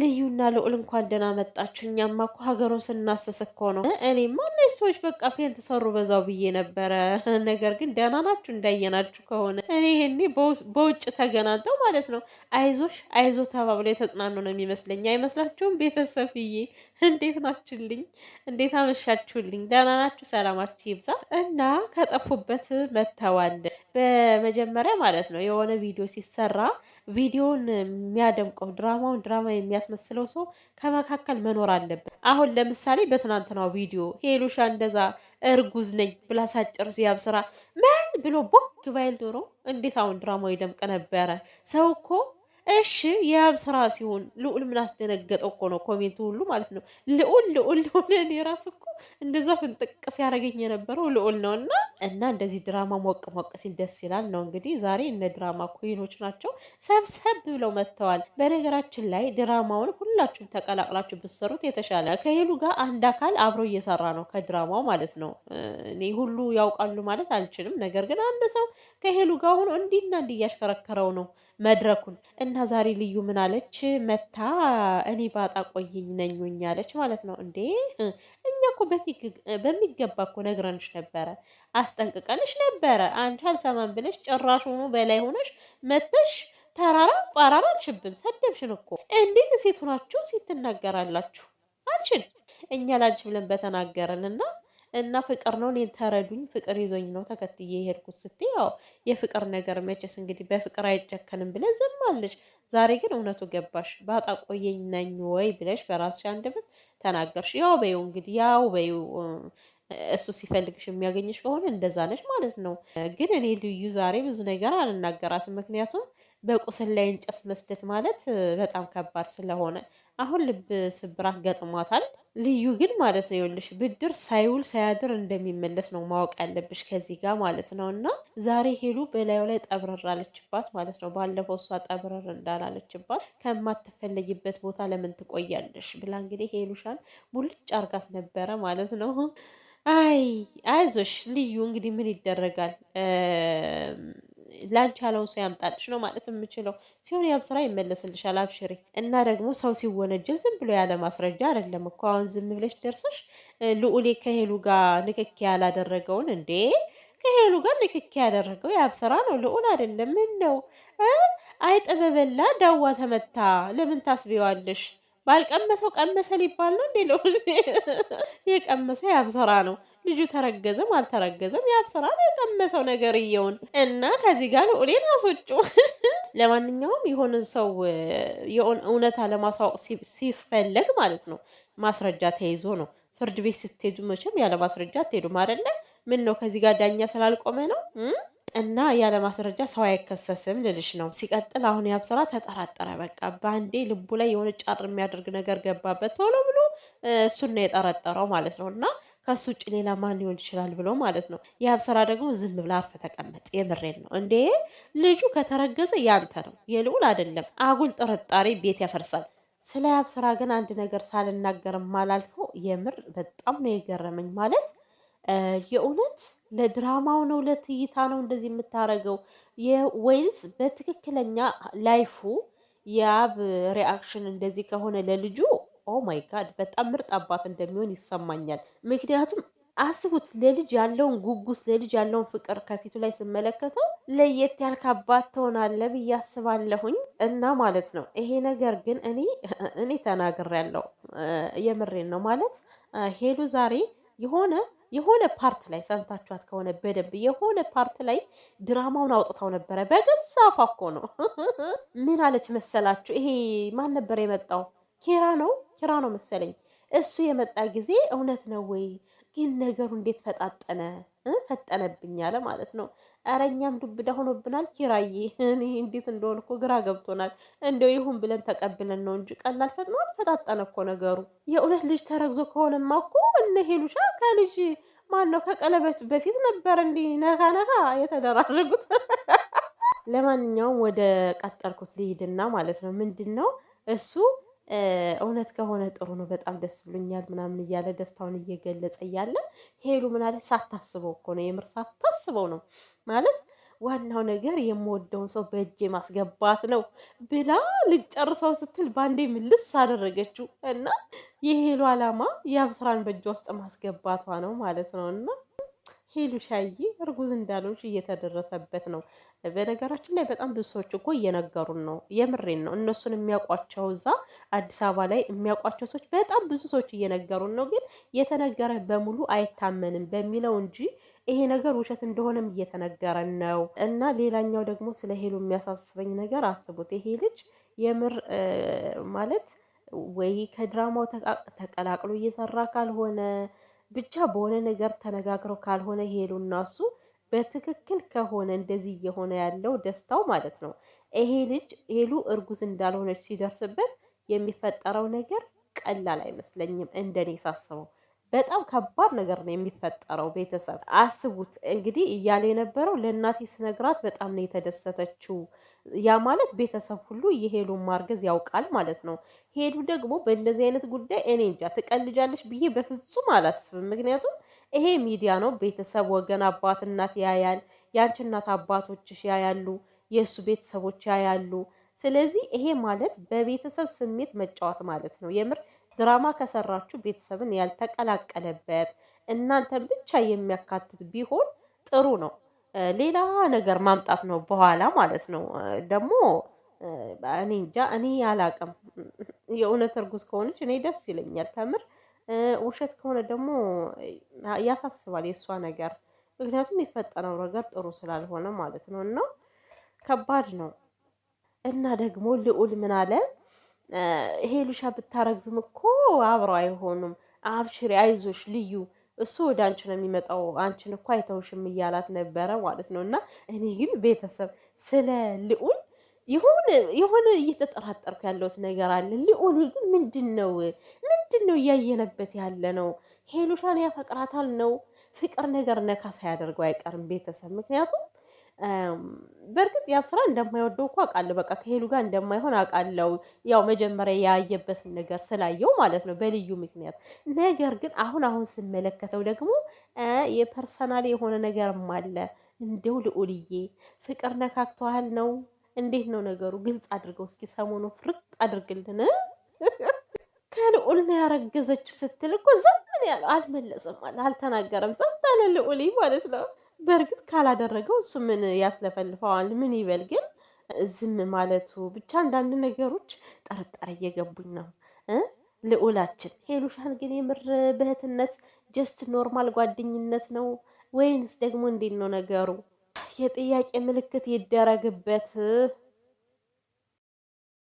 ልዩና ልዑል እንኳን ደህና መጣችሁ። እኛማ እኮ ሀገሩን ስናስስ እኮ ነው። እኔማ እነዚህ ሰዎች በቃ ፌን ተሰሩ በዛው ብዬ ነበረ። ነገር ግን ደህና ናችሁ እንዳየናችሁ ከሆነ እኔ ይሄኔ በውጭ ተገናንተው ማለት ነው አይዞሽ አይዞ ተባብሎ የተጽናኑ ነው የሚመስለኝ። አይመስላችሁም? ቤተሰብዬ እንዴት ናችሁልኝ? እንዴት አመሻችሁልኝ? ደህና ናችሁ? ሰላማችሁ ይብዛ። እና ከጠፉበት መጥተዋል። በመጀመሪያ ማለት ነው የሆነ ቪዲዮ ሲሰራ ቪዲዮን የሚያደምቀው ድራማውን ድራማ የሚያስመስለው ሰው ከመካከል መኖር አለበት። አሁን ለምሳሌ በትናንትናው ቪዲዮ ሄሉሻ እንደዛ እርጉዝ ነኝ ብላ ሳጨርስ ያብስራ ምን ብሎ ቦግ ባይል ኖሮ እንዴት አሁን ድራማው ይደምቅ ነበረ? ሰው እኮ እሺ የያብ ስራ ሲሆን ልዑል ምን አስደነገጠው እኮ ነው ኮሜንቱ ሁሉ ማለት ነው። ልዑል ልዑል ልዑል እኔ ራሱ እኮ እንደዛ ፍንጥቅ ሲያደርገኝ የነበረው ልዑል ነው። እና እና እንደዚህ ድራማ ሞቅ ሞቅ ሲል ደስ ይላል ነው እንግዲህ። ዛሬ እነ ድራማ ኮይኖች ናቸው ሰብሰብ ብለው መጥተዋል። በነገራችን ላይ ድራማውን ሁላችሁም ተቀላቅላችሁ ብትሰሩት የተሻለ። ከሄሉ ጋር አንድ አካል አብሮ እየሰራ ነው ከድራማው ማለት ነው። እኔ ሁሉ ያውቃሉ ማለት አልችልም። ነገር ግን አንድ ሰው ከሄሉ ጋር ሆኖ እንዲና እንዲህ እያሽከረከረው ነው መድረኩን እና ዛሬ ልዩ ምን አለች? መታ እኔ ባጣ ቆይኝ ነኙኝ አለች ማለት ነው እንዴ እኛ እኮ በሚገባ እኮ ነግረንሽ ነበረ፣ አስጠንቅቀንሽ ነበረ። አንቺ አልሰማን ብለሽ ጭራሽ ሆኖ በላይ ሆነሽ መተሽ ተራራ ጳራራ አልሽብን፣ ሰደብሽን እኮ እንዴት ሴት ሆናችሁ ሴት ትናገራላችሁ? አንቺን እኛ ላንቺ ብለን በተናገረን እና እና ፍቅር ነው እኔን ተረዱኝ፣ ፍቅር ይዞኝ ነው ተከትዬ የሄድኩት ስትይ ያው የፍቅር ነገር መቼስ እንግዲህ በፍቅር አይጨከንም ብለን ዝም አለሽ። ዛሬ ግን እውነቱ ገባሽ። ባጣ ቆየኝ ነኝ ወይ ብለሽ በራስሽ አንድ ተናገርሽ። ያው በይው እንግዲህ ያው በይው እሱ ሲፈልግሽ የሚያገኝሽ ከሆነ እንደዛ ነሽ ማለት ነው። ግን እኔ ልዩ ዛሬ ብዙ ነገር አልናገራትም፣ ምክንያቱም በቁስል ላይ እንጨት መስደት ማለት በጣም ከባድ ስለሆነ አሁን ልብ ስብራት ገጥሟታል። ልዩ ግን ማለት ነው ይኸውልሽ ብድር ሳይውል ሳያድር እንደሚመለስ ነው ማወቅ ያለብሽ ከዚህ ጋር ማለት ነው። እና ዛሬ ሄሉ በላዩ ላይ ጠብረር አለችባት ማለት ነው። ባለፈው እሷ ጠብረር እንዳላለችባት ከማትፈለጊበት ቦታ ለምን ትቆያለሽ ብላ እንግዲህ ሄሉሻን ሙልጭ አርጋት ነበረ ማለት ነው። አይ አይዞሽ ልዩ እንግዲህ ምን ይደረጋል ላንቺ ያለውን ሰው ያምጣልሽ ነው ማለት የምችለው ሲሆን ያም ስራ ይመለስልሻል። አብሽሬ እና ደግሞ ሰው ሲወነጀል ዝም ብሎ ያለ ማስረጃ አይደለም እኮ አሁን ዝም ብለሽ ደርሰሽ ልዑሌ ከሄሉ ጋር ንክኪ ያላደረገውን እንዴ ከሄሉ ጋር ንክኪ ያደረገው ያብ ስራ ነው፣ ልዑል አይደለም። ምን ነው አይጥ በበላ ዳዋ ተመታ። ለምን ታስቢዋለሽ? ባልቀመሰው ቀመሰ ሊባል ነው እንዴ? ነው የቀመሰ ያብሰራ ነው። ልጁ ተረገዘም አልተረገዘም ያብሰራ ነው የቀመሰው ነገርየውን እና ከዚህ ጋር ልዑሌን አስወጩ። ለማንኛውም የሆነን ሰው እውነታ ለማሳወቅ ሲፈለግ ማለት ነው ማስረጃ ተይዞ ነው። ፍርድ ቤት ስትሄዱ መቼም ያለ ማስረጃ አትሄዱም አይደለ? ምን ነው ከዚህ ጋር ዳኛ ስላልቆመ ነው። እና ያለ ማስረጃ ሰው አይከሰስም ልልሽ ነው። ሲቀጥል አሁን ያብሰራ ተጠራጠረ። በቃ በአንዴ ልቡ ላይ የሆነ ጫር የሚያደርግ ነገር ገባበት። ቶሎ ብሎ እሱን ነው የጠረጠረው ማለት ነው እና ከሱ ውጭ ሌላ ማን ሊሆን ይችላል ብሎ ማለት ነው። የአብሰራ ደግሞ ዝም ብላ አርፈ ተቀመጥ። የምሬን ነው እንዴ ልጁ ከተረገዘ ያንተ ነው የልዑል አይደለም። አጉል ጥርጣሬ ቤት ያፈርሳል። ስለ አብሰራ ግን አንድ ነገር ሳልናገርም አላልፈው። የምር በጣም ነው የገረመኝ ማለት የእውነት ለድራማው ነው ለትይታ ነው እንደዚህ የምታደርገው ወይንስ በትክክለኛ ላይፉ የአብ ሪአክሽን እንደዚህ ከሆነ ለልጁ ኦ ማይ ጋድ በጣም ምርጥ አባት እንደሚሆን ይሰማኛል። ምክንያቱም አስቡት ለልጅ ያለውን ጉጉት ለልጅ ያለውን ፍቅር ከፊቱ ላይ ስመለከተው ለየት ያልክ አባት ትሆናለህ ብዬ አስባለሁኝ። እና ማለት ነው ይሄ ነገር ግን እኔ እኔ ተናግሬያለሁ፣ የምሬን ነው ማለት ሄሉ ዛሬ የሆነ የሆነ ፓርት ላይ ሰምታችኋት ከሆነ በደንብ የሆነ ፓርት ላይ ድራማውን አውጥተው ነበረ። በገዛ አፏ እኮ ነው። ምን አለች መሰላችሁ? ይሄ ማን ነበር የመጣው? ኬራ ነው ኬራ ነው መሰለኝ። እሱ የመጣ ጊዜ እውነት ነው ወይ ግን ነገሩ እንዴት ፈጣጠነ ፈጠነብኝ አለ ማለት ነው። ኧረ እኛም ዱብዳ ሆኖብናል። ኪራዬ እኔ እንዴት እንደሆነ ግራ ገብቶናል። እንደው ይሁን ብለን ተቀብለን ነው እንጂ ቀላል ፈጥኖ አልፈጣጠነ እኮ ነገሩ። የእውነት ልጅ ተረግዞ ከሆነማ እኮ እነ ሄሉሻ ከልጅ ነው ከቀለበት በፊት ነበር እንዲህ ነካ ነካ የተደራረጉት። ለማንኛውም ወደ ቀጠልኩት ልሂድና ማለት ነው ምንድን ነው እሱ እውነት ከሆነ ጥሩ ነው፣ በጣም ደስ ብሎኛል ምናምን እያለ ደስታውን እየገለጸ እያለ ሄሉ ምናለች? ሳታስበው እኮ ነው የምር ሳታስበው ነው ማለት ዋናው ነገር የምወደውን ሰው በእጄ ማስገባት ነው ብላ ልጨርሰው ስትል ባንዴ ምልስ አደረገችው እና የሄሉ አላማ የአብስራን በእጇ ውስጥ ማስገባቷ ነው ማለት ነው እና ሄሉ ሻይ እርጉዝ እንዳልሆንሽ እየተደረሰበት ነው። በነገራችን ላይ በጣም ብዙ ሰዎች እኮ እየነገሩን ነው። የምሬን ነው። እነሱን የሚያውቋቸው እዛ አዲስ አበባ ላይ የሚያውቋቸው ሰዎች በጣም ብዙ ሰዎች እየነገሩን ነው። ግን የተነገረ በሙሉ አይታመንም በሚለው እንጂ ይሄ ነገር ውሸት እንደሆነም እየተነገረን ነው። እና ሌላኛው ደግሞ ስለ ሄሉ የሚያሳስበኝ ነገር አስቡት። ይሄ ልጅ የምር ማለት ወይ ከድራማው ተቀላቅሎ እየሰራ ካልሆነ ብቻ በሆነ ነገር ተነጋግረው ካልሆነ ሄሉና እናሱ በትክክል ከሆነ እንደዚህ እየሆነ ያለው ደስታው ማለት ነው። ይሄ ልጅ ሄሉ እርጉዝ እንዳልሆነች ሲደርስበት የሚፈጠረው ነገር ቀላል አይመስለኝም። እንደኔ ሳስበው በጣም ከባድ ነገር ነው የሚፈጠረው። ቤተሰብ አስቡት እንግዲህ እያለ የነበረው ለእናቴ ስነግራት በጣም ነው የተደሰተችው ያ ማለት ቤተሰብ ሁሉ የሄሉን ማርገዝ ያውቃል ማለት ነው። ሄሉ ደግሞ በእንደዚህ አይነት ጉዳይ እኔ እንጃ ትቀልጃለች ብዬ በፍጹም አላስብም። ምክንያቱም ይሄ ሚዲያ ነው። ቤተሰብ ወገን፣ አባት እናት ያያል፣ ያንቺ እናት አባቶችሽ ያያሉ፣ የእሱ ቤተሰቦች ያያሉ። ስለዚህ ይሄ ማለት በቤተሰብ ስሜት መጫወት ማለት ነው። የምር ድራማ ከሰራችሁ ቤተሰብን ያልተቀላቀለበት እናንተን ብቻ የሚያካትት ቢሆን ጥሩ ነው። ሌላ ነገር ማምጣት ነው በኋላ ማለት ነው። ደግሞ እኔ እንጃ እኔ አላቅም። የእውነት እርጉዝ ከሆነች እኔ ደስ ይለኛል ከምር። ውሸት ከሆነ ደግሞ ያሳስባል የእሷ ነገር፣ ምክንያቱም የፈጠነው ነገር ጥሩ ስላልሆነ ማለት ነው። እና ከባድ ነው። እና ደግሞ ልዑል ምን አለ፣ ሄሉሻ ብታረግዝም እኮ አብረው አይሆኑም። አብሽሪ አይዞሽ ልዩ እሱ ወደ አንቺ ነው የሚመጣው፣ አንቺን እኮ አይተውሽም እያላት ነበረ ማለት ነው። እና እኔ ግን ቤተሰብ ስለ ልዑል የሆነ እየተጠራጠርኩ ያለሁት ነገር አለ። ልዑል ግን ምንድን ነው ምንድን ነው እያየነበት ያለ ነው? ሄሉሻን ያፈቅራታል ነው? ፍቅር ነገር ነካሳ ያደርገው አይቀርም ቤተሰብ ምክንያቱም በእርግጥ ያብ ስራ እንደማይወደው እኮ አውቃለሁ። በቃ ከሄሉ ጋር እንደማይሆን አውቃለሁ። ያው መጀመሪያ ያየበትን ነገር ስላየው ማለት ነው በልዩ ምክንያት። ነገር ግን አሁን አሁን ስመለከተው ደግሞ የፐርሰናል የሆነ ነገርም አለ። እንደው ልዑልዬ ፍቅር ነካክተዋል ነው እንዴት ነው ነገሩ? ግልጽ አድርገው እስኪ ሰሞኑ ፍርጥ አድርግልን። ከልዑል ነው ያረገዘችው ስትል እኮ ዝም ያለው አልመለሰም፣ አልተናገረም። ጸጥ አለ ልዑል ማለት ነው። በእርግጥ ካላደረገው እሱ ምን ያስለፈልፈዋል? ምን ይበል? ግን ዝም ማለቱ ብቻ አንዳንድ ነገሮች ጠርጣር እየገቡኝ ነው። ልዑላችን ሄሉሻን ግን የምር በእህትነት ጀስት ኖርማል ጓደኝነት ነው ወይንስ ደግሞ እንዴት ነው ነገሩ? የጥያቄ ምልክት ይደረግበት።